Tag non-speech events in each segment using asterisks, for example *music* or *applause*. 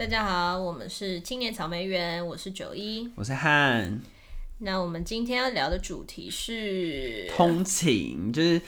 大家好，我們是青年草莓園，我是九一，我是漢。那我們今天要聊的主題是通勤，就是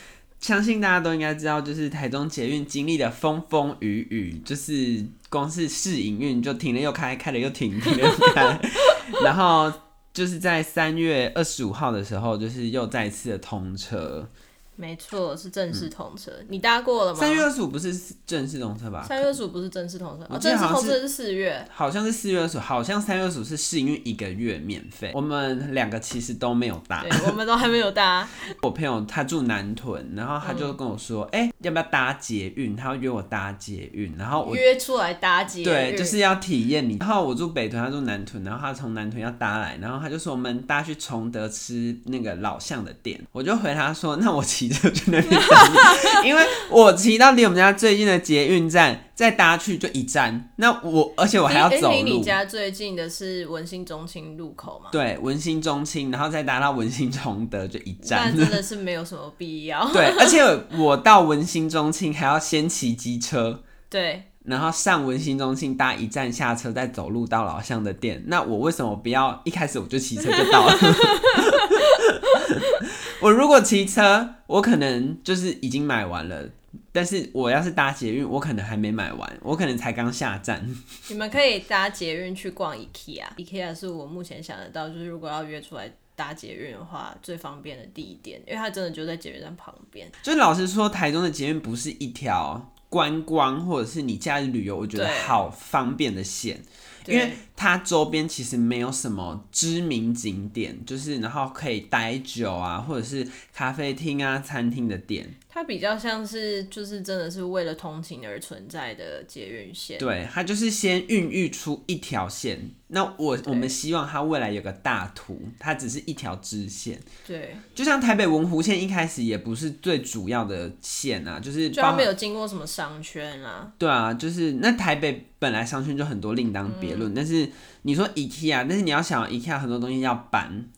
相信大家都應該知道，就是台中捷運經歷的風風雨雨，就是光是試營運就停了又開，開了又停，停了又開， *laughs* *laughs* 然後就是在三月二十五號的時候，就是又再次的通車。沒錯，是正式通車。嗯、你搭過了嗎？三月二十五不是正式通車吧？三月二十五不是正式通車。哦可，正式通車是四月，好像是四月二十五。好像三月二十五是試營運一個月免費。我們兩個其實都沒有搭。對，我們都還沒有搭。 *laughs* 我朋友他住南屯，然後他就跟我說：“哎、嗯欸，要不要搭捷運？”他要約我搭捷運，然後我約出來搭捷運，對，就是要體驗你。然後我住北屯，他住南屯，然後他從南屯要搭來，然後他就說我們搭去崇德吃那個老巷的店。我就回他說：“那我。”騎去 *laughs* 那邊，因為我騎到離我們家最近的捷運站，再搭去就一站。那我而且我還要走路、離、欸、你家最近的是文心中清路口嘛，對，文心中清然後再搭到文心崇德就一站。那真的是沒有什麼必要。 *laughs* 對，而且我到文心中清還要先騎機車。對。然後上文新中心搭一站下車，再走路到老鄉的店。那我為什麼不要一開始我就騎車就到了？ *laughs* *laughs* 我如果騎車，我可能就是已經買完了。但是我要是搭捷運，我可能還沒買完，我可能才剛下站。你們可以搭捷運去逛 IKEA，IKEA 是我目前想得到，就是如果要約出來搭捷運的話，最方便的地點，因為它真的就在捷運站旁邊。就老實說，台中的捷運不是一條。觀光或者是你假日旅遊，我覺得好方便的線，對對 因為。它周邊其實沒有什麼知名景點，就是然後可以待久啊，或者是咖啡廳啊、餐廳的店。它比較像是就是真的是為了通勤而存在的捷運線。對，它就是先孕育出一條線。那我對我們希望它未來有個大圖，它只是一條支線。對，就像台北文湖線一開始也不是最主要的線啊，就是就它沒有經過什麼商圈啊。對啊，就是那台北本來商圈就很多，另當別論，但是、嗯。你說 IKEA 啊，但是你要想 IKEA，很多東西要搬，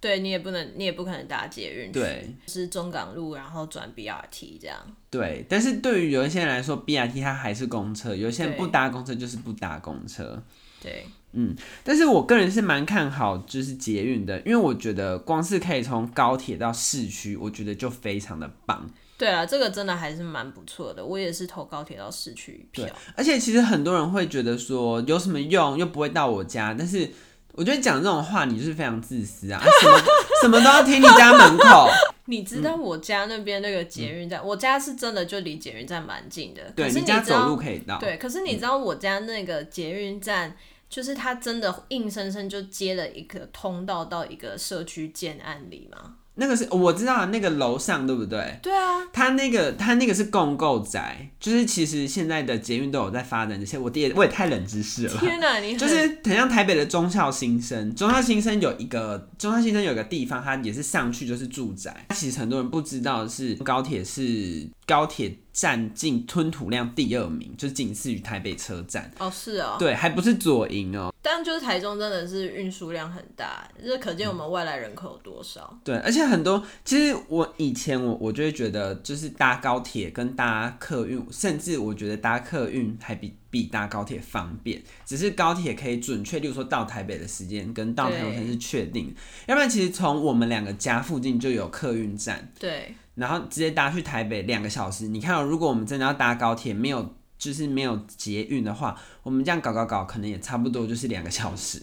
對你也不能，你也不可能搭捷運，對，是中港路，然後轉 BRT 這樣，對。但是對於有一些人來說，BRT 它還是公車，有些人不搭公車就是不搭公車，對，嗯。但是我個人是蠻看好就是捷運的，因為我覺得光是可以從高鐵到市區，我覺得就非常的棒。對啊，這個真的還是蠻不錯的。我也是投高鐵到市區一票。而且其實很多人會覺得說有什麼用，又不會到我家。但是我覺得講這種話，你就是非常自私啊！啊什麼 *laughs* 什麼都要停你家門口。你知道我家那邊那個捷運站，嗯、我家是真的就離捷運站蠻近的。對，可是你，你家走路可以到。對，可是你知道我家那個捷運站，嗯、就是它真的硬生生就接了一個通道到一個社區建案裡嗎？那個是我知道，那個樓上對不對？對啊，他那個他那個是共構宅，就是其實現在的捷運都有在發展這些，我爹，我也太冷知識了。天哪，你就是很像台北的忠孝新生，忠孝新生有一個忠孝新生有個地方，他也是上去就是住宅。其實很多人不知道的是高鐵是高鐵。佔近吞吐量第二名，就是僅次於台北車站。哦，是哦，對，還不是左營哦。但就是台中真的是運輸量很大，就是可見我們外來人口有多少。嗯。對，而且很多。其實我以前我我就會覺得，就是搭高鐵跟搭客運，甚至我覺得搭客運還比比搭高鐵方便。只是高鐵可以準確，例如說到台北的時間跟到台中是確定。對要不然其實從我們兩個家附近就有客運站。對。然後直接搭去台北兩個小時，你看哦，如果我們真的要搭高鐵，沒有就是沒有捷運的話，我們這樣搞搞搞，可能也差不多就是兩個小時。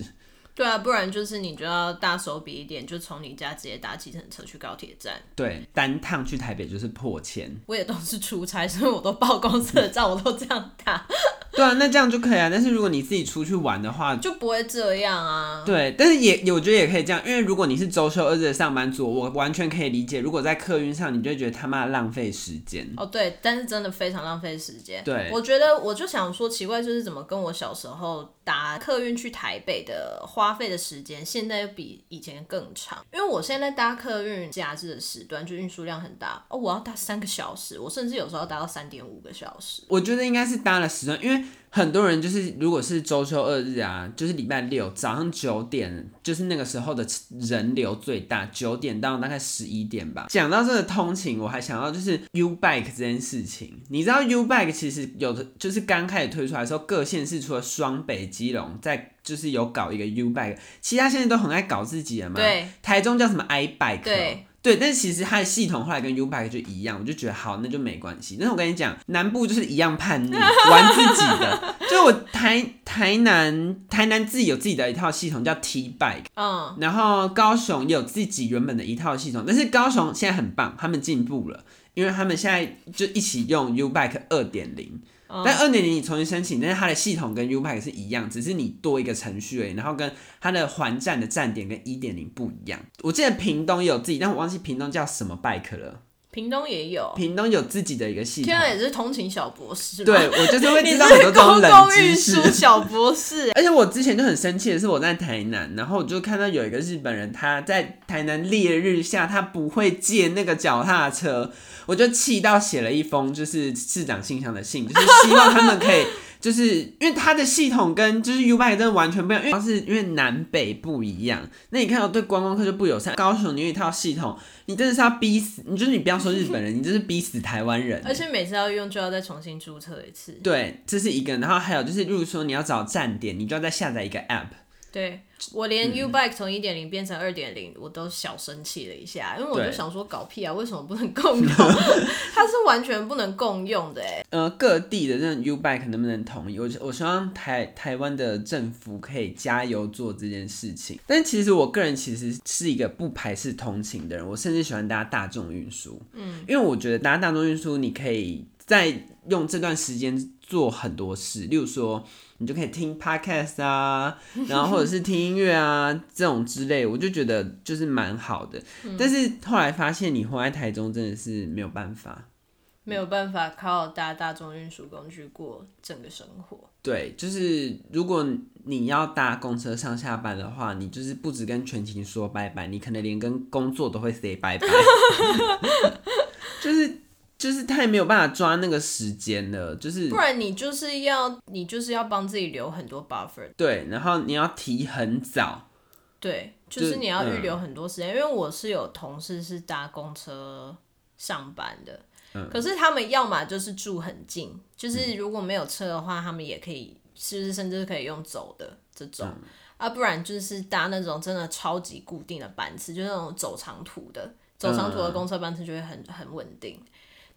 對啊，不然就是你就要大手筆一點，就從你家直接打計程車去高鐵站。對，單趟去台北就是破千。我也都是出差，所以我都報公司的賬，我都這樣打。 *laughs* 對啊，那這樣就可以啊。但是如果你自己出去玩的話，就不會這樣啊。對，但是也我覺得也可以這樣，因為如果你是周休二日的上班族，我完全可以理解。如果在客運上，你就會覺得他媽的浪費時間。哦，對，但是真的非常浪費時間。對，我覺得我就想說奇怪，就是怎麼跟我小時候打客運去台北的花花費的時間現在又比以前更長，因為我現在搭客運假日的時段，就運輸量很大哦，我要搭三個小時，我甚至有時候要搭到三點五個小時。我覺得應該是搭了時段，因為很多人就是如果是周休二日啊，就是禮拜六早上九點，就是那個時候的人流最大，九點到大概十一點吧。講到這個通勤，我還想到就是 U Bike 這件事情，你知道 U Bike 其實有的就是剛開始推出來的時候，各縣市除了雙北、基隆在就是有搞一個 U Bike，其他現在都很愛搞自己的嘛。對，台中叫什麼 I Bike 對。對、哦，對，但是其實它的系統後來跟 U Bike 就一樣，我就覺得好，那就沒關係。但是我跟你講，南部就是一樣叛逆， *laughs* 玩自己的。就我台台南台南自己有自己的一套系統叫 T Bike，嗯，然後高雄也有自己原本的一套系統，但是高雄現在很棒，他們進步了，因為他們現在就一起用 U Bike 二點零。但二點零你重新申請，但是它的系統跟 u 盤 a c 是一樣，只是你多一個程序而已。然後跟它的還站的站點跟一點零不一樣。我記得屏東也有自己，但我忘記屏東叫什麼 b 克了。屏東也有，屏東有自己的一個系統，天然、啊、也是通勤小博士。對，我就是會知道很多這種冷知識，你是公共運輸小博士、欸。而且我之前就很生氣的是，我在台南，然後我就看到有一個日本人，他在台南烈日下，他不會借那個腳踏車，我就氣到寫了一封就是市長信箱的信，就是希望他們可以。就是因為它的系統跟就是 YouBike 真的完全不一樣，因為它是因為南北不一樣。那你看到對觀光客就不友善，高雄你有一套系統，你真的是要逼死你。就是你不要說日本人， *laughs* 你真是逼死台灣人。而且每次要用就要再重新註冊一次。對，這是一個。然後還有就是，例如說你要找站點，你就要再下載一個 app。對，我連 U Bike 從一點零變成二點零，我都小生氣了一下，因為我就想說搞屁啊，為什麼不能共用？對 *laughs* 它是完全不能共用的耶。呃，各地的這種 U Bike 能不能統一？我我希望台台灣的政府可以加油做這件事情。但其實我個人其實是一個不排斥通勤的人，我甚至喜歡搭大眾運輸。嗯，因為我覺得搭大眾運輸，你可以在用這段時間做很多事，例如說。你就可以聽 Podcast 啊，然後或者是聽音樂啊 *laughs* 這種之類，我就覺得就是蠻好的。嗯、但是後來發現你活在台中真的是沒有辦法。嗯、沒有辦法靠搭大眾運輸工具過整個生活。對，就是如果你要搭公車上下班的話，你就是不只跟全勤說拜拜，你可能連跟工作都會 say 拜拜， *laughs* *laughs* 就是。就是太沒有辦法抓那個時間了，就是不然你就是要你就是要幫自己留很多 buffer，對，然後你要提很早，對，就是你要預留很多時間。嗯、因為我是有同事是搭公車上班的，嗯、可是他們要麼就是住很近，就是如果沒有車的話，他們也可以，是、就、不是甚至可以用走的這種，嗯、啊，不然就是搭那種真的超級固定的班次，就是那種走長途的，走長途的公車班次就會很很穩定。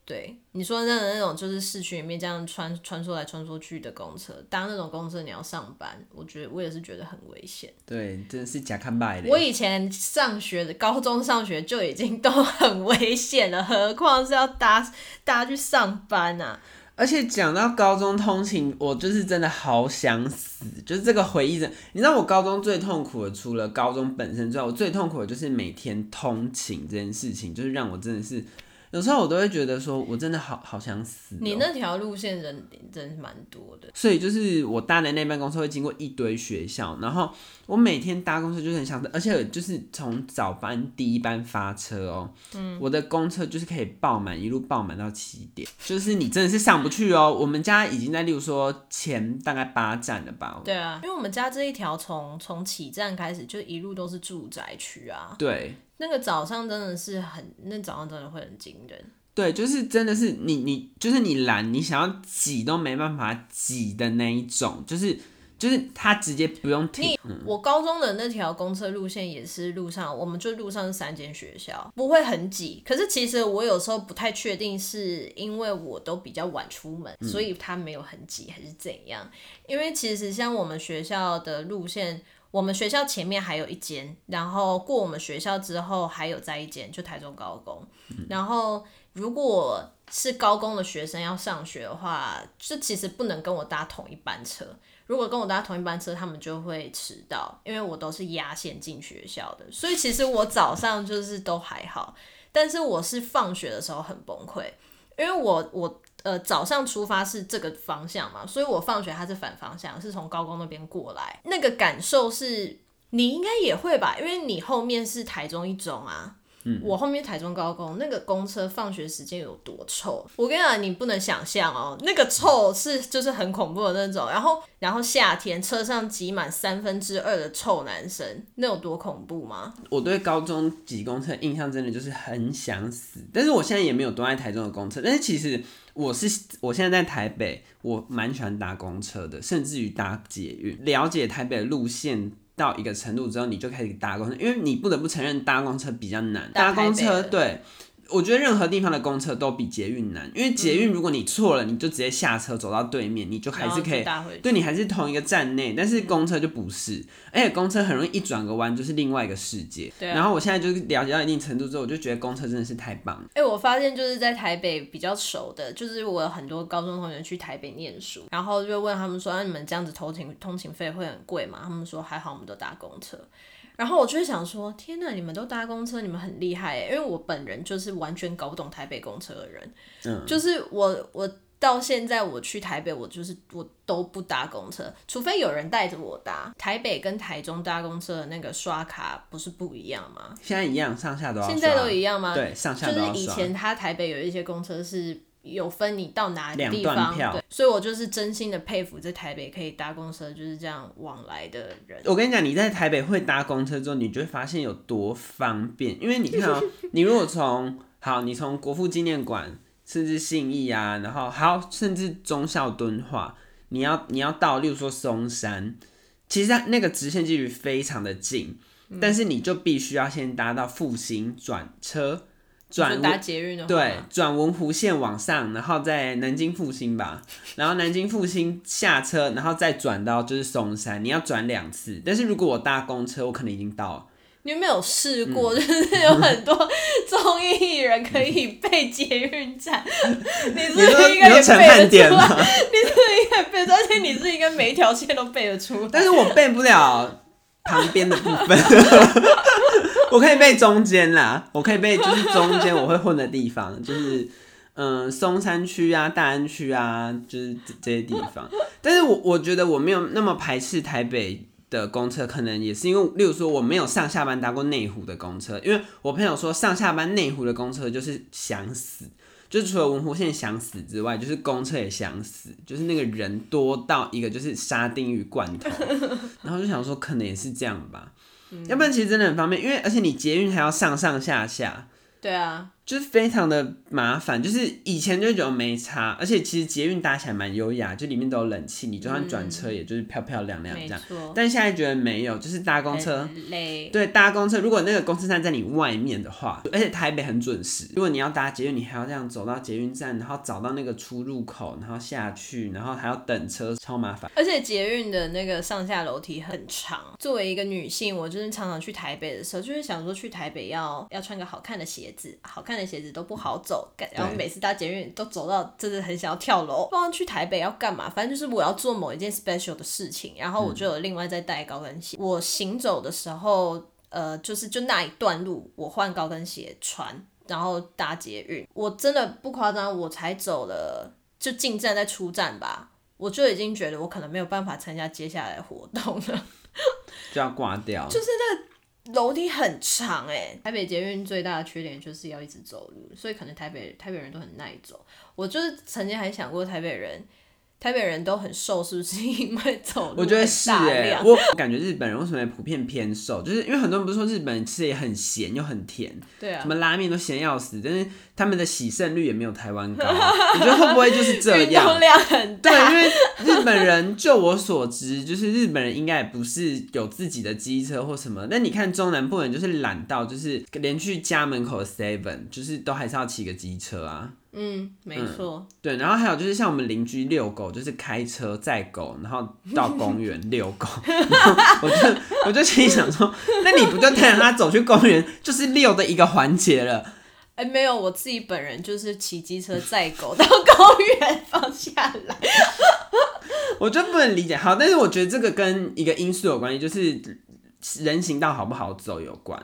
對你說，真的那種就是市區裡面這樣穿穿梭來穿梭去的公車，搭那種公車你要上班，我覺得我也是覺得很危險。對，真的是假看的。我以前上學，的高中上學就已經都很危險了，何況是要搭，搭去上班啊！而且講到高中通勤，我就是真的好想死，就是這個回憶。你知道我高中最痛苦的，除了高中本身之外，我最痛苦的就是每天通勤這件事情，就是讓我真的是。有時候我都會覺得說，我真的好好想死喔。你那條路線人真是蠻多的，所以就是我搭的那班公車會經過一堆學校，然後我每天搭公車就很想，而且就是從早班第一班發車喔，嗯，我的公車就是可以爆滿，一路爆滿到七點，就是你真的是上不去喔。我們家已經在，例如說前大概八站了吧？對啊，因為我們家這一條從從起站開始就一路都是住宅區啊。對。那個早上真的是很，那個、早上真的會很驚人。對，就是真的是你你就是你攔你想要擠都沒辦法擠的那一種，就是就是他直接不用停。我高中的那條公車路線也是路上，我們就路上是三間學校，不會很擠。可是其實我有時候不太確定，是因為我都比較晚出門，所以他沒有很擠，還是怎樣？因為其實像我們學校的路線。我們學校前面還有一間，然後過我們學校之後還有再一間，就台中高工。嗯、然後如果是高工的學生要上學的話，這其實不能跟我搭同一班車。如果跟我搭同一班車，他們就會遲到，因為我都是壓線進學校的。所以其實我早上就是都還好，但是我是放學的時候很崩潰，因為我我。呃，早上出發是這個方向嘛，所以我放學他是反方向，是從高工那邊過來。那個感受是你應該也會吧，因為你後面是台中一中啊。嗯，我後面台中高工那個公車放學時間有多臭？我跟你講，你不能想象哦、喔，那個臭是就是很恐怖的那種。然後，然後夏天車上擠滿三分之二的臭男生，那有多恐怖嗎？我對高中擠公車印象真的就是很想死。但是我現在也沒有多愛台中的公車。但是其實我是我現在在台北，我蠻喜歡搭公車的，甚至於搭捷運，了解台北的路線。到一個程度之後，你就開始搭公車，因為你不得不承認搭公車比較難。搭公車，對。我覺得任何地方的公車都比捷運難，因為捷運如果你錯了，嗯、你就直接下車走到對面，你就還是可以，對你還是同一個站內。但是公車就不是，而且公車很容易一轉個彎就是另外一個世界。對、啊。然後我現在就是了解到一定程度之後，我就覺得公車真的是太棒。哎、欸，我發現就是在台北比較熟的，就是我有很多高中同學去台北念書，然後就問他們說，那、啊、你們這樣子通勤通勤費會很貴嗎？他們說還好，我們都搭公車。然後我就想說，天哪，你們都搭公車，你們很厲害。因為我本人就是完全搞不懂台北公車的人，嗯、就是我，我到現在我去台北，我就是我都不搭公車，除非有人帶着我搭。台北跟台中搭公車的那個刷卡不是不一樣嗎？現在一樣，上下都要。現在都一樣嗎？對，上下都要刷。就是以前他台北有一些公車是。有分你到哪地方，兩段票，對，所以我就是真心的佩服在台北可以搭公車就是這樣往來的人。我跟你講，你在台北會搭公車之後，你就會發現有多方便，因為你看哦、喔， *laughs* 你如果從好，你從國父紀念館，甚至信義啊，然後好，甚至忠孝敦化，你要你要到，例如說松山，其實它那個直線距離非常的近，嗯、但是你就必須要先搭到復興轉車。轉達轉捷運的話，對，轉文湖線往上，然後在南京復興吧，然後南京復興下車，然後再轉到就是松山，你要轉兩次。但是如果我搭公車，我可能已經到了。你有沒有試過？嗯、就是有很多綜藝藝人可以背捷運站，嗯、你是，不是應該也背得出來，你，你，你是，不是應該背，而且你是應該每一條線都背得出。但是我背不了旁邊的部分。 *laughs* 我可以背中間啦，我可以背就是中間我會混的地方，就是嗯、呃、松山區啊、大安區啊，就是這，這些地方。但是我，我我覺得我沒有那麼排斥台北的公車，可能也是因為，例如說我沒有上下班搭過內湖的公車，因為我朋友說上下班內湖的公車就是想死，就除了文湖線想死之外，就是公車也想死，就是那個人多到一個就是沙丁魚罐頭，然後就想說可能也是這樣吧。要不然其實真的很方便，因為而且你捷運還要上上下下。對啊。就是非常的麻煩，就是以前就覺得沒差，而且其實捷運搭起來蠻優雅，就裡面都有冷氣，你就算轉車也就是漂漂亮亮這樣。嗯、沒錯。但現在覺得沒有，就是搭公車累對，搭公車如果那個公車站在你外面的話，而且台北很準時。如果你要搭捷運，你還要這樣走到捷運站，然後找到那個出入口，然後下去，然後還要等車，超麻煩。而且捷運的那個上下樓梯很長。作為一個女性，我就是常常去台北的時候，就是想說去台北要要穿個好看的鞋子，好看。穿的鞋子都不好走，然後每次搭捷運都走到，真的很想要跳樓。對不然去台北要幹嘛？反正就是我要做某一件 special 的事情，然後我就有另外再帶高跟鞋。嗯、我行走的時候，呃，就是就那一段路，我換高跟鞋穿，然後搭捷運。我真的不誇張，我才走了就進站再出站吧，我就已經覺得我可能沒有辦法參加接下來活動了，就要掛掉。就是那。樓梯很長誒、欸，台北捷運最大的缺點，就是要一直走路，所以可能台北，台北人都很耐走。我就是曾經還想過台北人，台北人都很瘦，是不是因為走路？我覺得是哎、欸，我感覺日本人為什麼普遍偏瘦，就是因為很多人不是說日本人吃的也很鹹又很甜，對啊，什麼拉麵都鹹要死，但是他們的洗腎率也沒有台灣高。我 *laughs* 覺得會不會就是這樣？量很大。對，因為日本人，就我所知，就是日本人應該也不是有自己的機車或什麼。那你看中南部人就是懶到，就是連去家門口的 seven 就是都還是要騎個機車啊。嗯，沒錯、嗯。對，然後還有就是像我們鄰居遛狗，就是開車載狗，然後到公園遛狗。然後我就 *laughs* 我就心裡想說，那你不就帶着他走去公園，就是遛的一個環節了？哎、欸，沒有，我自己本人就是騎機車載狗到公園放下來。 *laughs* 我就不能理解，好，但是我覺得這個跟一個因素有關係，就是人行道好不好走有關。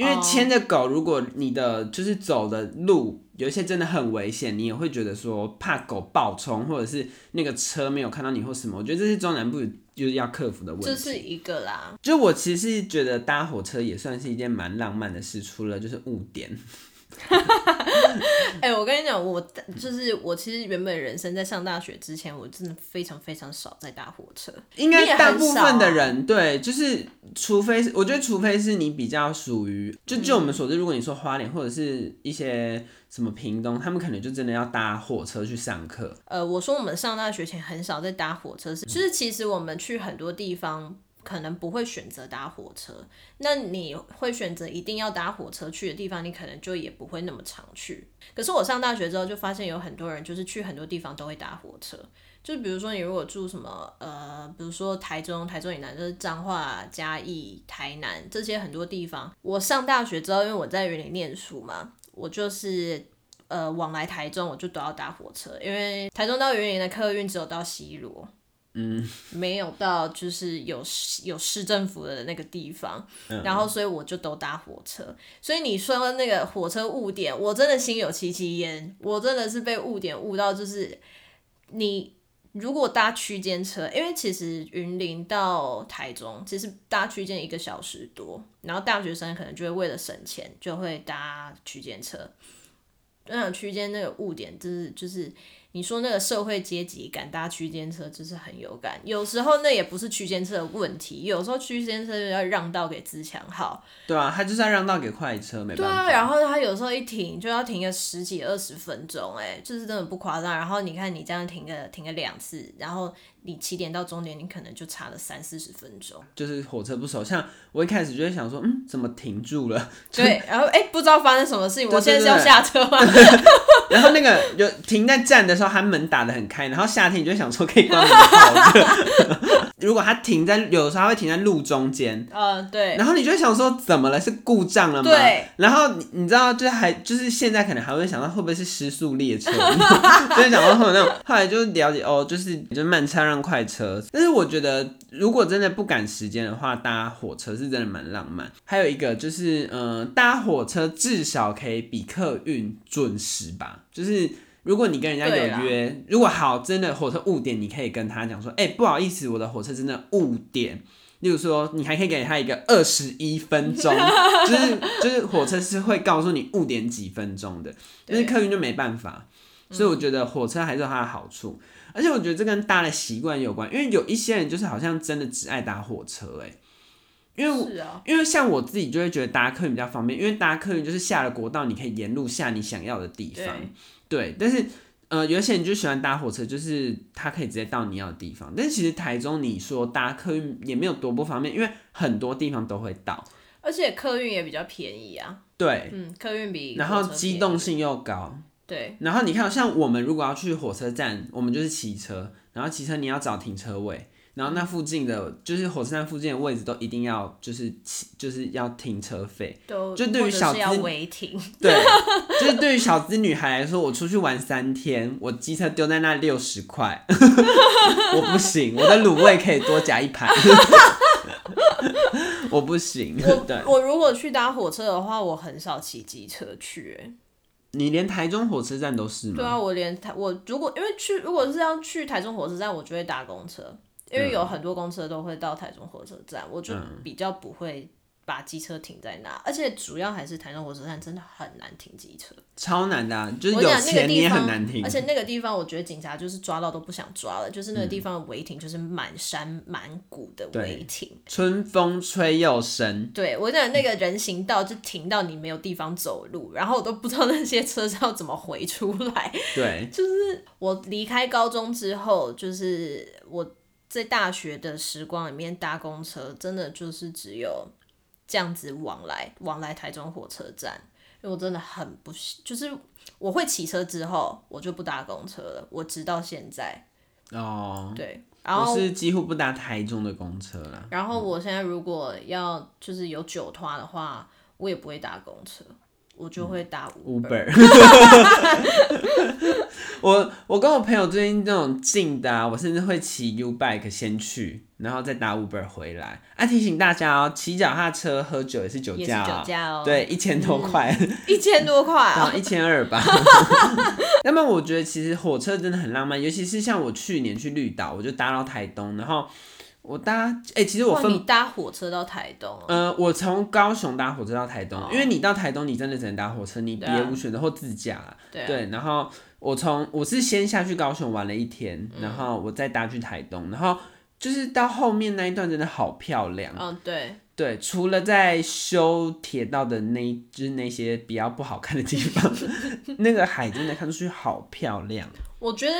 因為牽着狗，如果你的就是走的路有一些真的很危險，你也會覺得說怕狗暴衝，或者是那個車沒有看到你或什麼，我覺得這是中南部就是要克服的問題。這是一個啦，就我其實是覺得搭火車也算是一件蠻浪漫的事，除了就是誤點。哈哈哈！哎、 *laughs* 欸，我跟你講，我就是我，其實原本人生在上大學之前，我真的非常非常少在搭火車。應該大部分的人，啊、對，就是除非是，我覺得除非是你比較屬於，就就我們所知，如果你說花蓮或者是一些什麼屏東，他們可能就真的要搭火車去上課。呃，我說我們上大學前很少在搭火車，是就是其實我們去很多地方。可能不會選擇搭火車，那你會選擇一定要搭火車去的地方，你可能就也不會那麼常去。可是我上大學之後就發現，有很多人就是去很多地方都會搭火車，就比如說你如果住什麼呃，比如說台中、台中以南就是彰化、嘉義、台南這些很多地方。我上大學之後，因為我在雲林念書嘛，我就是呃往來台中，我就都要搭火車，因為台中到雲林的客運只有到西螺。嗯，沒有到，就是有有市政府的那個地方，嗯、然後所以我就都搭火車。所以你說那個火車誤點，我真的心有戚戚焉。我真的是被誤點誤到，就是你如果搭區間車，因為其實雲林到台中其實搭區間一個小時多，然後大學生可能就會為了省錢就會搭區間車，那區間那個誤點就是就是。你說那個社會階級敢搭區間車就是很有感，有時候那也不是區間車的問題，有時候區間車就要讓道給自強號。對啊，他就是要讓道給快車，沒辦法。對啊，然後他有時候一停就要停個十幾二十分鐘，欸，就是真的不誇張。然後你看你這樣停個停個兩次，然後。你起點到終點，你可能就差了三四十分鐘。就是火車不熟，像我一開始就會想說，嗯，怎麼停住了？對，然後哎，不知道發生什麼事情，對對對，我現在是要下車嗎？ *laughs* 然後那個有停在站的時候，他門打得很開。然後夏天你就想說可以光着跑着。 *laughs* *laughs* 如果他停在有時候，他會停在路中間。嗯、呃，對。然後你就會想說怎麼了？是故障了嗎？對。然後你你知道就還就是現在可能還會想到會不會是失速列車？ *laughs* *laughs* 就是想到後面那種，後來就了解哦，就是你就是、慢車。慢快車，但是我覺得，如果真的不趕時間的話，搭火車是真的蠻浪漫。還有一個就是，嗯、呃，搭火車至少可以比客運準時吧。就是如果你跟人家有約，啦如果好真的火車誤點，你可以跟他講說：“哎、欸，不好意思，我的火車真的誤點。”例如說，你還可以給他一個二十一分鐘， *laughs* 就是就是火車是會告訴你誤點幾分鐘的，但是客運就沒辦法。對所以我覺得火車還是有它的好處。嗯而且我覺得這跟搭的習慣有關，因為有一些人就是好像真的只愛搭火車，欸，哎，因為我、是啊、因為像我自己就會覺得搭客運比較方便，因為搭客運就是下了國道，你可以沿路下你想要的地方，對，對。但是呃，有些人就喜歡搭火車，就是他可以直接到你要的地方。但是其實台中你說搭客運也沒有多不方便，因為很多地方都會到，而且客運也比較便宜啊。對，嗯，客運比然後機動性又高。對，然後你看，像我們如果要去火車站，我們就是騎車，然後騎車你要找停車位，然後那附近的就是火車站附近的位置都一定要就是騎就是要停車費，都是要違停。就對於小資，對，就是、對於小資女孩來說，我出去玩三天，我機車丟在那六十塊， *laughs* *laughs* 我不行，我的滷味可以多加一盤， *laughs* *laughs* 我不行，對，我我如果去搭火車的話，我很少騎機車去耶，你連台中火車站都是嗎？對啊，我連台，我如果，因為去，如果是要去台中火車站，我就會搭公車，因為有很多公車都會到台中火車站，嗯，我就比較不會。把機車停在那，而且主要還是台中火車站真的很難停機車，超難的，啊，就是有錢我你也，那個，很難停。而且那個地方，我覺得警察就是抓到都不想抓了，就是那個地方的違停，就是滿山滿谷的違停。春風吹又生。對，我想那個人行道就停到你沒有地方走路， *laughs* 然後我都不知道那些車是要怎麼回出來。對，就是我離開高中之後，就是我在大學的時光裡面搭公車，真的就是只有。這樣子往來往來台中火車站，因為我真的很不就是我會騎車之後，我就不搭公車了，我直到現在哦，對，然後我是幾乎不搭台中的公車了。然後我現在如果要就是有酒托的話，我也不會搭公車，我就會搭 Uber。嗯、Uber *laughs* 我我跟我朋友最近這種近的，啊，我甚至會騎 U bike 先去，然後再搭 Uber 回來。啊，提醒大家哦，騎腳踏車喝酒也是酒駕哦。哦對，一千多塊，嗯、 *laughs* 一千多塊、哦， *laughs* 一千二吧。 *laughs* *laughs* *laughs* 那麼我覺得其實火車真的很浪漫，尤其是像我去年去綠島，我就搭到台東，然後我搭哎、欸，其實我分你搭火車到台東、啊。呃，我從高雄搭火車到台東，哦，因為你到台東，你真的只能搭火車，你別無選擇或自駕、啊。對、啊，對，然後。我從我是先下去高雄玩了一天，然後我再搭去台東，嗯、然後就是到後面那一段真的好漂亮。嗯，對對，除了在修鐵道的那，就是那些比較不好看的地方， *laughs* 那個海真的看出去好漂亮。我覺得。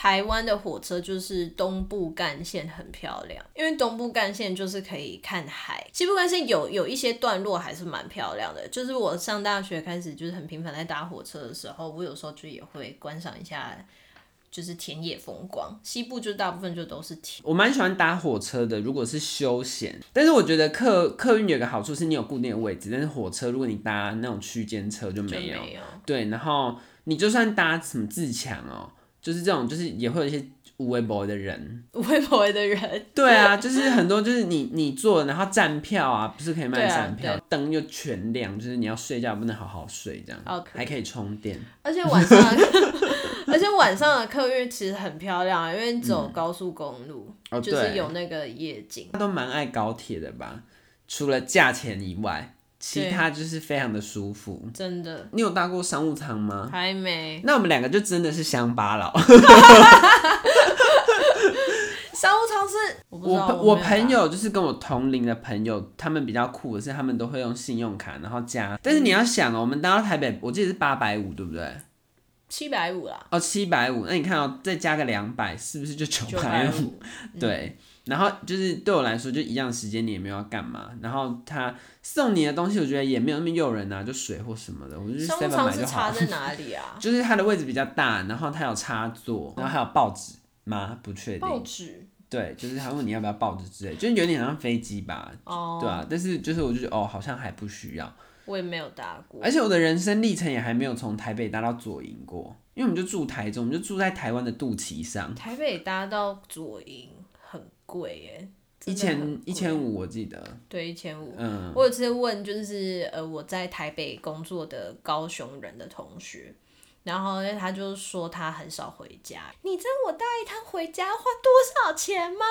台灣的火車就是東部幹線很漂亮，因為東部幹線就是可以看海。西部幹線有有一些段落還是蠻漂亮的，就是我上大學開始就是很頻繁在搭火車的時候，我有時候就也會觀賞一下，就是田野風光。西部就大部分就都是田，我蠻喜歡搭火車的，如果是休閒。但是我覺得客客運有一個好處是，你有固定的位置，但是火車如果你搭那種區間車就沒有。沒有，對，然後你就算搭什麼自強哦。就是這種，就是也會有一些無微博的人，無微博的人，對啊，就是很多就是你你坐，然後站票啊，不是可以賣站票，燈又、啊、全亮，就是你要睡覺不能好好睡這樣，Okay. 還可以充電，而且晚上， *laughs* 而且晚上的客運其實很漂亮啊，因為你走高速公路，嗯、就是有那個夜景，哦、他都蠻愛高鐵的吧？除了價錢以外。對其他就是非常的舒服，真的。你有搭過商務艙嗎？還沒。那我們兩個就真的是鄉巴佬，喔。 *laughs* *laughs* 商務艙是，我不知道，我我朋友就是跟我同齡的朋友，他們比較酷的是，他們都會用信用卡，然後加。但是你要想哦、喔，嗯、我們搭到台北，我記得是八百五，對不對？七百五啦。哦，七百五，那你看哦、喔，再加個兩百，是不是就九百五？對。然後就是對我來說，就一樣的時間，你也沒有要幹嘛。然後他送你的東西，我覺得也沒有那麼誘人啊，就水或什麼的，我就隨便買就好。差在哪裡啊？就，就是它的位置比較大，然後它有插座，然後還有報紙嗎？不確定。報紙。對，就是他問你要不要報紙之類的，就有點像飛機吧。哦，對啊，但是就是我就覺得哦，好像還不需要。我也沒有搭過，而且我的人生歷程也還沒有從台北搭到左營過，因為我們就住台中，我們就住在台灣的肚臍上。台北搭到左營。貴耶，欸、一千一千五我記得，對一千五。嗯，我有直接問，就是呃，我在台北工作的高雄人的同學，然後他就說他很少回家。你知道我搭一趟回家花多少錢嗎？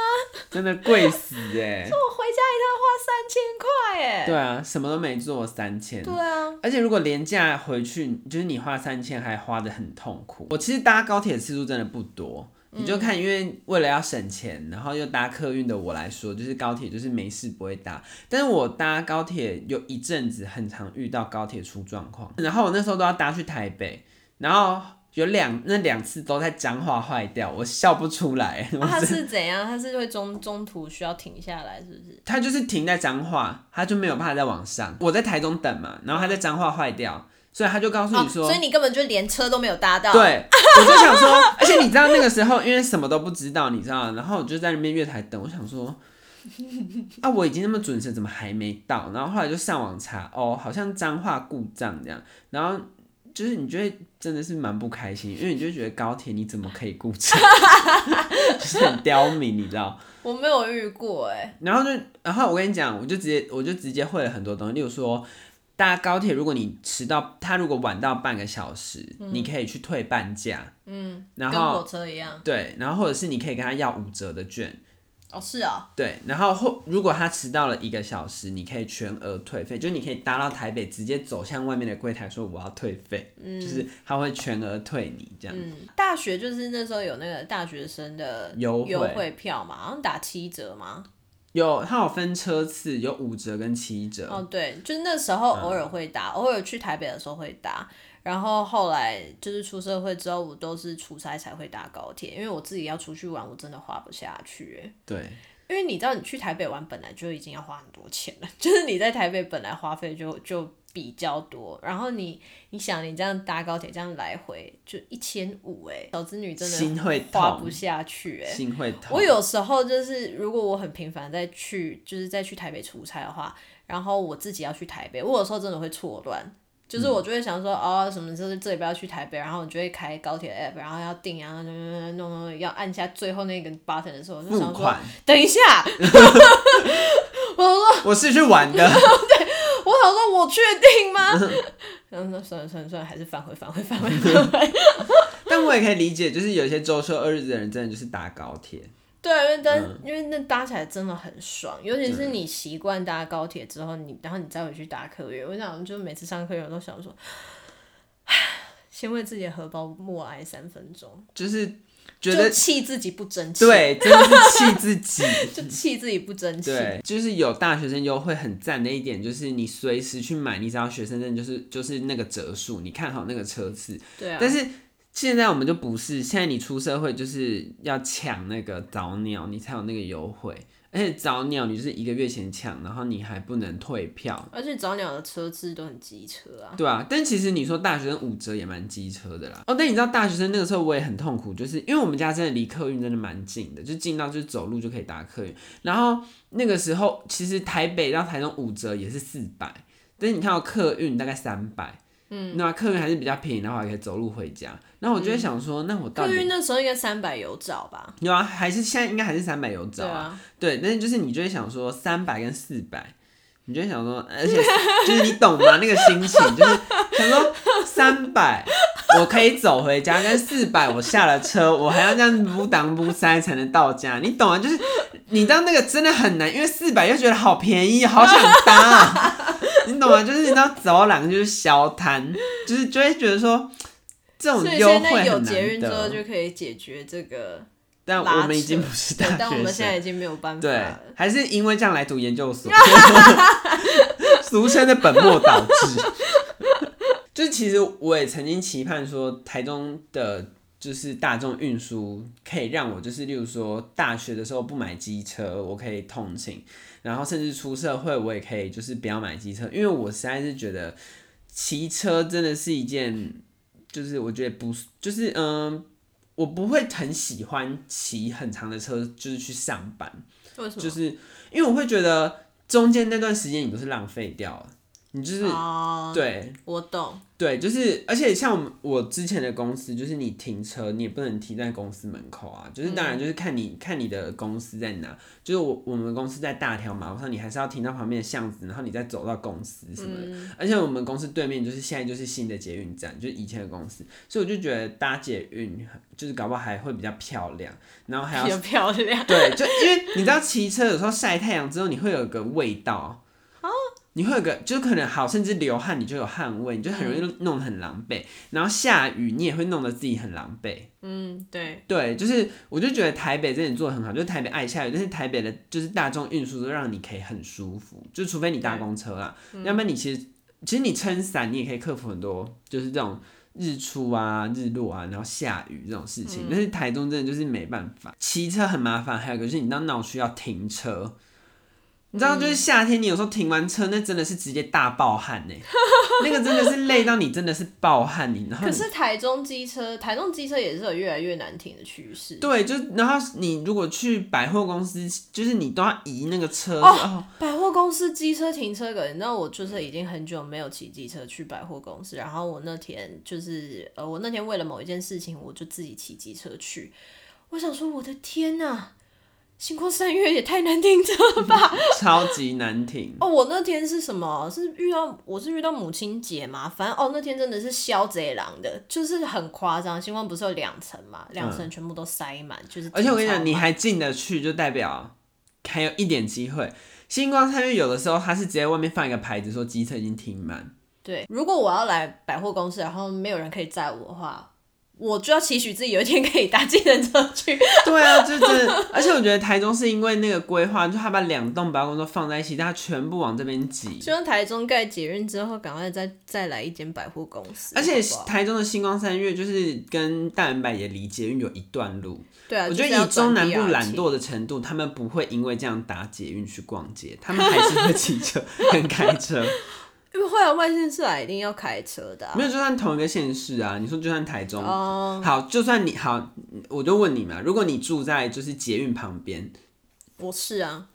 真的貴死哎、欸！ *laughs* 說我回家一趟花三千塊耶、欸。對啊，什麼都沒做三千。對啊，而且如果連假回去，就是你花三千還花得很痛苦。我其實搭高鐵次數真的不多。你就看，因為為了要省錢，然後又搭客運的我來說，就是高鐵就是沒事不會搭。但是我搭高鐵有一陣子，很常遇到高鐵出狀況。然後我那時候都要搭去台北，然後有兩那兩次都在彰化壞掉，我笑不出來、哦。他是怎樣？他是會中中途需要停下來，是不是？他就是停在彰化，他就沒有辦法再往上。我在台中等嘛，然後他在彰化壞掉。所以他就告訴你說、哦，所以你根本就連車都沒有搭到。對， *laughs* 我就想說，而且你知道那個時候，因為什麼都不知道，你知道，然後我就在那邊月台等，我想說，啊，我已經那麼準時，怎麼還沒到？然後後來就上網查，哦，好像彰化故障這樣，然後就是你覺得真的是蠻不開心，因為你就覺得高鐵，你怎麼可以故障， *laughs* 就是很刁民，你知道？我沒有遇過哎。然後就，然後我跟你講，我就直接，我就直接會了很多東西，例如說。搭高鐵，如果你遲到，他如果晚到半個小時，嗯、你可以去退半價。嗯，然後跟火車一樣。對，然後或者是你可以跟他要五折的券。哦，是啊、哦。對，然後後如果他遲到了一個小時，你可以全額退費，就你可以搭到台北，直接走向外面的櫃檯說，我要退費，嗯、就是他會全額退你這樣。嗯，大學就是那時候有那個大學生的優惠票嘛，好像打七折嗎？有，它有分車次，有五折跟七折。哦，對，就是那時候偶爾會搭，嗯、偶爾去台北的時候會搭，然後後來就是出社會之後，我都是出差才會搭高鐵，因為我自己要出去玩，我真的花不下去。對，因為你知道，你去台北玩本來就已經要花很多錢了，就是你在台北本來花費就就。就比較多，然後你你想你這樣搭高鐵這樣來回就一千五哎，小資女真的花不下去哎，心會痛。我有時候就是如果我很頻繁的再去，就是再去台北出差的話，然後我自己要去台北，我有時候真的會錯亂，就是我就會想說、嗯、哦什麼就是這裡不要去台北，然後我就會開高鐵 app，然後要訂啊，弄、呃、弄、呃呃呃、要按下最後那根 button 的時候，我就想說款等一下， *laughs* *laughs* 我說我是去玩的。 *laughs* 我說我確定嗎？然後說算了算了算了，還是返回返回返回返回。 *laughs* *laughs* 但我也可以理解，就是有些週休二日的人，真的就是搭高鐵。對啊，因為但、嗯、因為那搭起來真的很爽，尤其是你習慣搭高鐵之後你，你然後你再回去搭客運，嗯、我想就每次上客運我都想說，先為自己的荷包默哀三分鐘。就是。覺得氣自己不爭氣，對，真、就、的是氣自己， *laughs* 就氣自己不爭氣。對，就是有大學生優惠很讚的一點，就是你隨時去買，你只要學生證就是就是那個折數，你看好那個車次。對啊。但是現在我們就不是，現在你出社會就是要搶那個早鳥，你才有那個優惠。而且早鳥，你就是一個月前搶，然後你還不能退票。而且早鳥的車次都很機車啊。對啊，但其實你說大學生五折也蠻機車的啦。哦，但你知道大學生那個時候我也很痛苦，就是因為我們家真的離客運真的蠻近的，就近到就是走路就可以搭客運。然後那個時候其實台北到台中五折也是四百，但是你看到客運大概三百。嗯，那客運還是比較便宜的話，可以走路回家。那我就會想說，嗯、那我到，客運那時候應該三百有找吧？有啊，還是現在應該還是三百有找啊？對，啊對，但是就是你就會想說三百跟四百，你就會想說，而且就是你懂嗎？ *laughs* 那個心情就是想說三百我可以走回家，但是四百我下了車，我還要這樣子不擋不塞才能到家，你懂啊？就是你知道那個真的很難，因為四百又覺得好便宜，好想搭，啊。 *laughs* 你懂嗎、啊？就是你知道，找兩個就是小攤，就是就會覺得說，這種優惠很難得，之後就可以解決這個。但我們已經不是大學生，但我們現在已經沒有辦法，對，還是因為這樣來讀研究所， *laughs* *laughs* 俗稱的本末倒置。 *laughs* 就其實我也曾經期盼說，台中的。就是大眾運輸可以讓我，就是例如說大學的時候不買機車，我可以通勤，然後甚至出社會我也可以，就是不要買機車，因為我實在是覺得騎車真的是一件，就是我覺得不，就是嗯、呃，我不會很喜歡騎很長的車，就是去上班，就是因為我會覺得中間那段時間你都是浪費掉了。你就是、oh, 對，我懂。對，就是而且像我之前的公司，就是你停車你也不能停在公司門口啊，就是當然就是看你、嗯、看你的公司在哪，就是我我們公司在大條馬路上，你還是要停到旁邊的巷子，然後你再走到公司什麼的。嗯、而且我們公司對面就是現在就是新的捷運站，就是以前的公司，所以我就覺得搭捷運就是搞不好還會比較漂亮，然後還要比較漂亮。對，就因為你知道騎車有時候曬太陽之後你會有個味道。你會有一個，就可能好，甚至流汗，你就有汗味，你就很容易弄得很狼狽。嗯、然後下雨，你也會弄得自己很狼狽。嗯，對，對，就是，我就覺得台北真的做的很好，就是台北愛下雨，但是台北的，就是大眾運輸都讓你可以很舒服，就除非你搭公車啦，對要不然你其實，其實你撐傘，你也可以克服很多，就是這種日出啊、日落啊，然後下雨這種事情。嗯、但是台中真的就是沒辦法，騎車很麻煩，還有個就是，你到鬧區要停車。你知道，就是夏天，你有時候停完車，嗯，那真的是直接大爆汗哎， *laughs* 那個真的是累到你，真的是爆汗。你可是台中機車，台中機車也是有越來越難停的趨勢。對，就然後你如果去百貨公司，就是你都要移那個車哦。然後，百貨公司機車停車格，你知道，我就是已經很久沒有騎機車去百貨公司。然後我那天就是呃，我那天為了某一件事情，我就自己騎機車去。我想說，我的天哪！星光三月也太難停車了吧！ *laughs* 超級難停。哦，我那天是什麼？是遇到我是遇到母親節嘛？反正哦，那天真的是消賊狼的，就是很誇張。星光不是有兩層嘛？兩層全部都塞滿，嗯、就是而且我跟你講，你還進得去，就代表還有一點機會。星光三月有的時候他是直接外面放一個牌子說機車已經停滿。對，如果我要來百貨公司，然後沒有人可以載我的話。我就要期許自己有一天可以搭計程車去。對啊，就是， *laughs* 而且我覺得台中是因為那個規劃，就他把兩棟百貨公司放在一起，大家全部往這邊擠。希望台中蓋捷運之後，趕快再再來一間百貨公司。而且好好台中的新光三越就是跟大遠百也離捷運有一段路。對啊。就是、我覺得以中南部懶惰的程度，他們不會因為這樣搭捷運去逛街， *laughs* 他們還是會騎車跟開車。 *laughs* 會啊，外縣市啊，一定要開車的啊。沒有，就算同一個縣市啊，你說就算台中，哦，uh, 好，就算你好，我就問你嘛，如果你住在就是捷運旁邊，不是啊，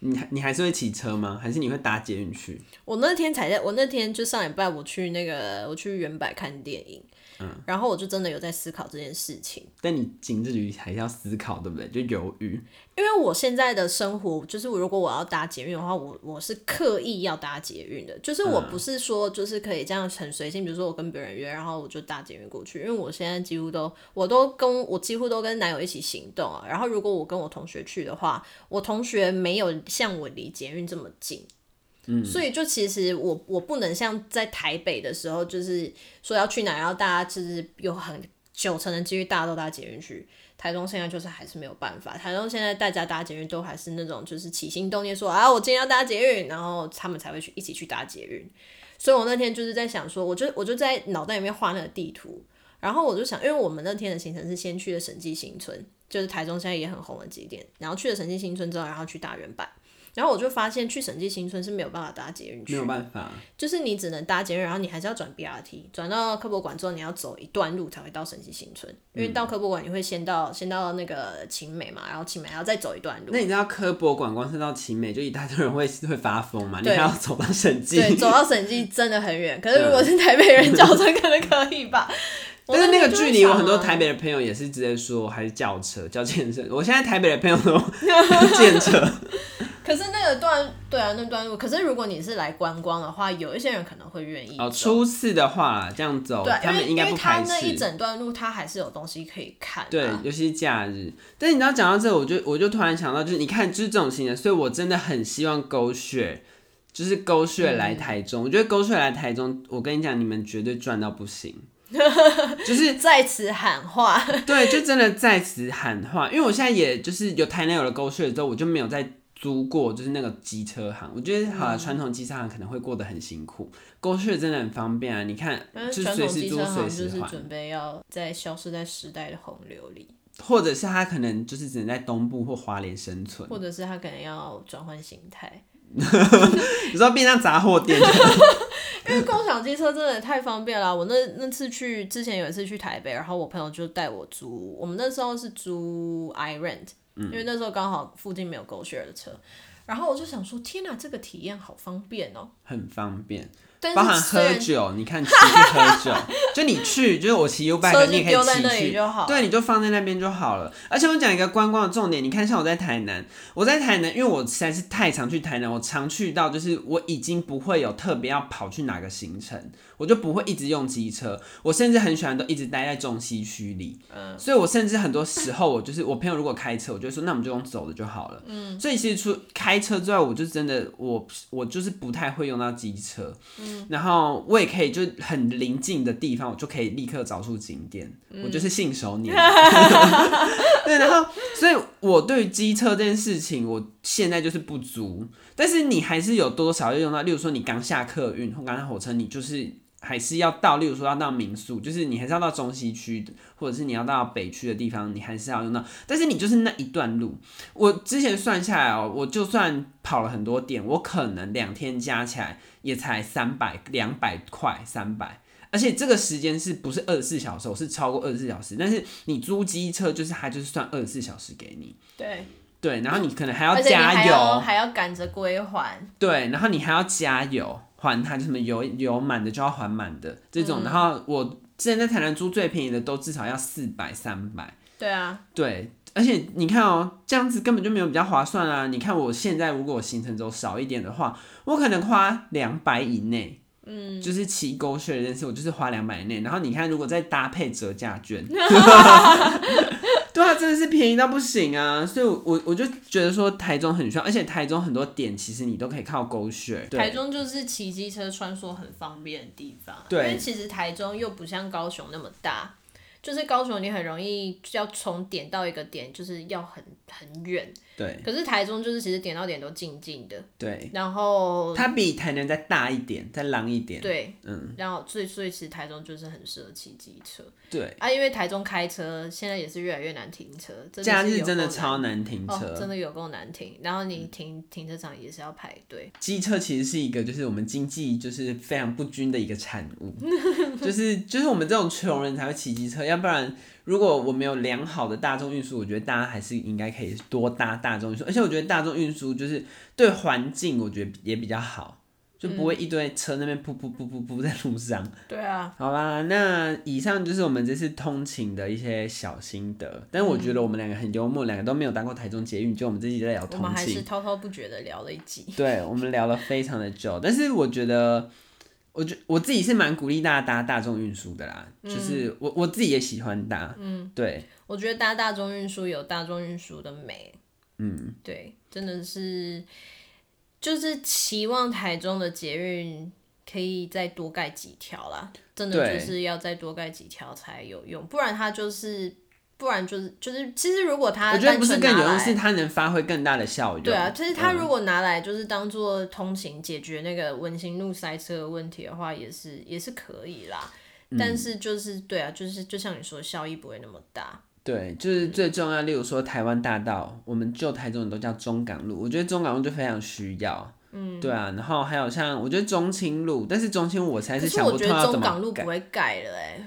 你你還是會騎車嗎？還是你會搭捷運去？我那天才在，我那天就上禮拜我去那個，我去遠百看電影。嗯，然後我就真的有在思考這件事情，但你僅自於還是要思考，對不對？就猶豫，因為我現在的生活就是，如果我要搭捷運的話，我我是刻意要搭捷運的，就是我不是說就是可以這樣很隨性，比如說我跟別人約，然後我就搭捷運過去，因為我現在幾乎都我都跟我幾乎都跟男友一起行動啊，然後如果我跟我同學去的話，我同學沒有像我離捷運這麼近。嗯、所以就其實我我不能像在台北的時候，就是說要去哪，然後大家就是有很九成的幾率大家都搭捷運去。台中現在就是還是沒有辦法，台中現在大家搭捷運都還是那種就是起心動念說啊，我今天要搭捷運，然後他們才會去一起去搭捷運。所以我那天就是在想說，我就我就在腦袋裡面畫那個地圖，然後我就想，因為我們那天的行程是先去了審計新村，就是台中現在也很紅的景點，然後去了審計新村之後，然後去大遠百。然後我就發現去審計新村是沒有辦法搭捷運去，沒有辦法，就是你只能搭捷運，然後你還是要轉 BRT，轉到科博館之後你要走一段路才會到審計新村，嗯、因為到科博館你會先到先到那個勤美嘛，然後勤美還要再走一段路。那你知道科博館光是到勤美就一大堆人會會發瘋嘛？對你還要走到審計，對，走到審計真的很遠。可是如果是台北人叫車可能可以吧？ *laughs* 那但是那個距離，我很多台北的朋友也是直接說還是叫車叫健車。我現在台北的朋友都健 *laughs* *laughs* 車。可是那個段，對啊，那段路。可是如果你是來觀光的話，有一些人可能會願意。哦，初次的話這樣走，對他們應該不開始。因為因為他那一整段路，他還是有東西可以看啊。對，尤其是假日。但你知道講到這個，我就我就突然想到，就是你看，就是這種情形，所以我真的很希望 GoShare，就是 GoShare 來台中。嗯、我覺得 GoShare 來台中，我跟你講，你們絕對賺到不行。 *laughs* 就是在此喊話，對，就真的在此喊話。因為我現在也就是有台南有了 GoShare 之後，我就沒有再。租過，就是那個機車行，我覺得好像傳、嗯、統機車行可能會過得很辛苦。GoShare 真的很方便啊，你看，就隨時租隨時還。就是準備要在消失在時代的洪流裡，或者是他可能就是只能在東部或花蓮生存，或者是他可能要轉換形態。 *laughs* *laughs* 你說變成雜貨店， *laughs* 因為共享機車真的也太方便了啊。我那那次去之前有一次去台北，然後我朋友就帶我租。我們那時候是租 iRent，因為那時候剛好附近沒有 GoShare 的車，然後我就想說：天哪，這個體驗好方便哦，很方便。包含喝酒，是你看出去喝酒， *laughs* 就你去，就是我騎 Ubike，你也可以騎去。對，你就放在那邊就好了。而且我講一個觀光的重點，你看像我在台南，我在台南，因為我實在是太常去台南，我常去到就是我已經不會有特別要跑去哪個行程，我就不會一直用機車。我甚至很喜歡都一直待在中西區裡。嗯，所以我甚至很多時候我就是我朋友如果開車，我就說那我們就用走的就好了。嗯，所以其實除開車之外，我就真的我我就是不太會用到機車。然後我也可以，就很臨近的地方，我就可以立刻找出景點，我就是信手拈來。對，然後所以我對機車這件事情，我現在就是不足。但是你還是有多少要用到？例如說，你剛下客運，或剛下火車，你就是。還是要到，例如說要到民宿，就是你還是要到中西區的，或者是你要到北區的地方，你還是要用到。但是你就是那一段路，我之前算下來哦，我就算跑了很多點，我可能兩天加起來也才三百兩百塊，三百。而且這個時間是不是二十四小時？我是超過二十四小時，但是你租機車就是它就是算二十四小時給你。對對，然後你可能還要加油，還要趕着歸還。對，然後你還要加油。還它就什麼油，油滿的就要還滿的這種，嗯、然後我之前在台南租最便宜的都至少要四百三百。對啊，對，而且你看哦，這樣子根本就沒有比較划算啊！你看我現在如果我行程走少一點的話，我可能花兩百以內。嗯，就是騎狗血認識我，就是花兩百內，然後你看，如果再搭配折價券， *laughs* *laughs* 對啊，真的是便宜到不行啊！所以我，我我就覺得說台中很需要，而且台中很多點其實你都可以靠狗血。台中就是騎機車穿梭很方便的地方，因為對其實台中又不像高雄那麼大，就是高雄你很容易就要從點到一個點，就是要很很遠。對，可是台中就是其實點到點都近近的，對，然後它比台南再大一點，再浪一點，對，嗯，然後最所以其實台中就是很適合騎機車，對啊，因為台中開車現在也是越來越難停車，假日真的超難停車，真的有夠難停，然後你停停車場也是要排隊。機車其實是一個就是我們經濟就是非常不均的一個產物，就是就是我們這種窮人才會騎機車，要不然。如果我們有良好的大眾運輸，我覺得大家還是應該可以多搭大眾運輸，而且我覺得大眾運輸就是對環境，我覺得也比較好，就不會一堆車那邊噗噗噗噗噗在路上。嗯、對啊。好啦，那以上就是我們這次通勤的一些小心得，但我覺得我們兩個很幽默，兩個都沒有搭過台中捷運，就我們這一集在聊通勤，我們還是滔滔不絕的聊了一集。對，我們聊了非常的久，但是我覺得。我覺我自己是蠻鼓勵大家搭大眾運輸的啦，嗯、就是我我自己也喜歡搭，嗯，對我覺得搭大眾運輸有大眾運輸的美，嗯，對，真的是，就是期望台中的捷運可以再多蓋幾條啦，真的就是要再多蓋幾條才有用，對不然它就是。不然就是就是，其實如果他我覺得不是更有用，是它能發揮更大的效益。對啊，其實它如果拿來就是當做通勤解決那個文心路塞車的問題的話，也是也是可以啦。但是就是、嗯、對啊，就是就像你說，效益不會那麼大。對，就是最重要，嗯、例如說台灣大道，我們舊台中人都叫中港路，我覺得中港路就非常需要。嗯，對啊，然後還有像我覺得中清路，但是中清路我才是想，是我覺得中港路不會改了、欸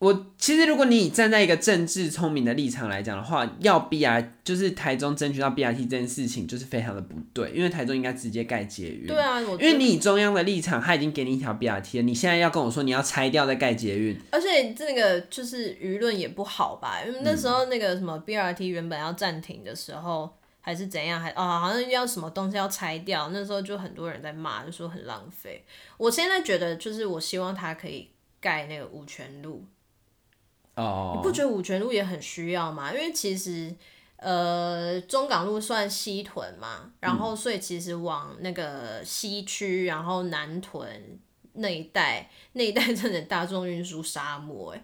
我其實，如果你站在一個政治聰明的立場來講的話，要 B R 就是台中爭取到 B R T 這件事情就是非常的不對，因為台中應該直接蓋捷運。對啊，我這個、因為你以中央的立場，他已經給你一條 B R T 了，你現在要跟我說你要拆掉再蓋捷運，而且這個就是輿論也不好吧？因為那時候那個什麼 B R T 原本要暫停的時候，還是怎樣，嗯、還啊、哦、好像要什麼東西要拆掉，那時候就很多人在罵，就說很浪費。我現在覺得就是我希望它可以蓋那個五權路。Oh. 你不覺得五權路也很需要嗎？因為其實，呃，中港路算西屯嘛，然後所以其實往那個西區，然後南屯那一帶，那一帶真的大眾運輸沙漠，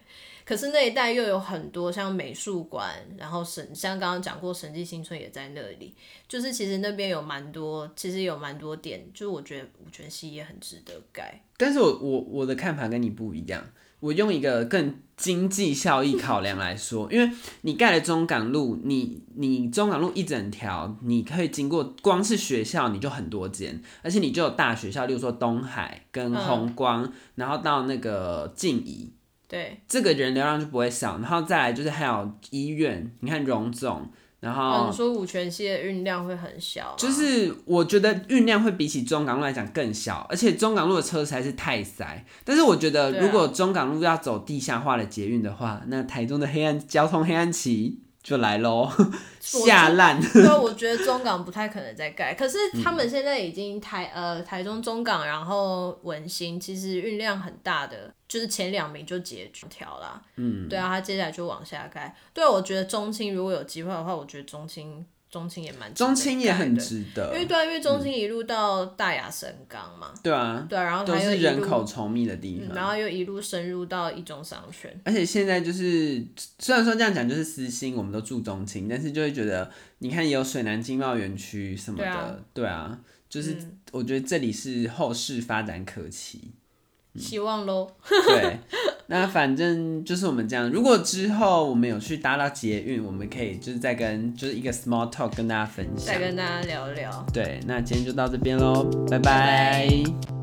可是那一帶又有很多像美術館，然後神，像剛剛講過審計新村也在那裡，就是其實那邊有蠻多，其實有蠻多點，就是我覺得五權西也很值得蓋。但是我我我的看法跟你不一樣，我用一個更經濟效益考量來說， *laughs* 因為你蓋了中港路，你你中港路一整條，你可以經過，光是學校你就很多間，而且你就有大學校，例如說東海跟弘光，嗯、然後到那個靜宜。對，這個人流量就不會少，然後再來就是還有醫院，你看榮總，然後說五權線的運量會很小，就是我覺得運量會比起中港路來講更小，而且中港路的車實在是太塞，但是我覺得如果中港路要走地下化的捷運的話，啊、那台中的黑暗交通黑暗期。就來咯，下爛。對，我覺得中港不太可能再蓋，可是他們現在已經台、嗯、呃台中中港，然後文心，其實運量很大的，就是前兩名就解決掉啦。嗯，對啊，他接下來就往下蓋。對、啊，我覺得中清如果有機會的話，我覺得中清。中清也蠻中清也很值得，對因為對啊，因為中清一路到大雅神岡嘛，嗯、對啊，對啊，然後都是人口稠密的地方、嗯，然後又一路深入到一中商圈，而且現在就是雖然說這樣講就是私心，我們都住中清，但是就會覺得你看有水南經貿園區什麼的，對啊，對啊，就是我覺得這裡是後世發展可期，嗯、希望嘍，對。 *laughs* 那反正就是我們這樣，如果之後我們有去搭到捷運，我們可以就是再跟就是一個 small talk，跟大家分享，再跟大家聊一聊。對，那今天就到這邊嘍，拜拜。拜拜。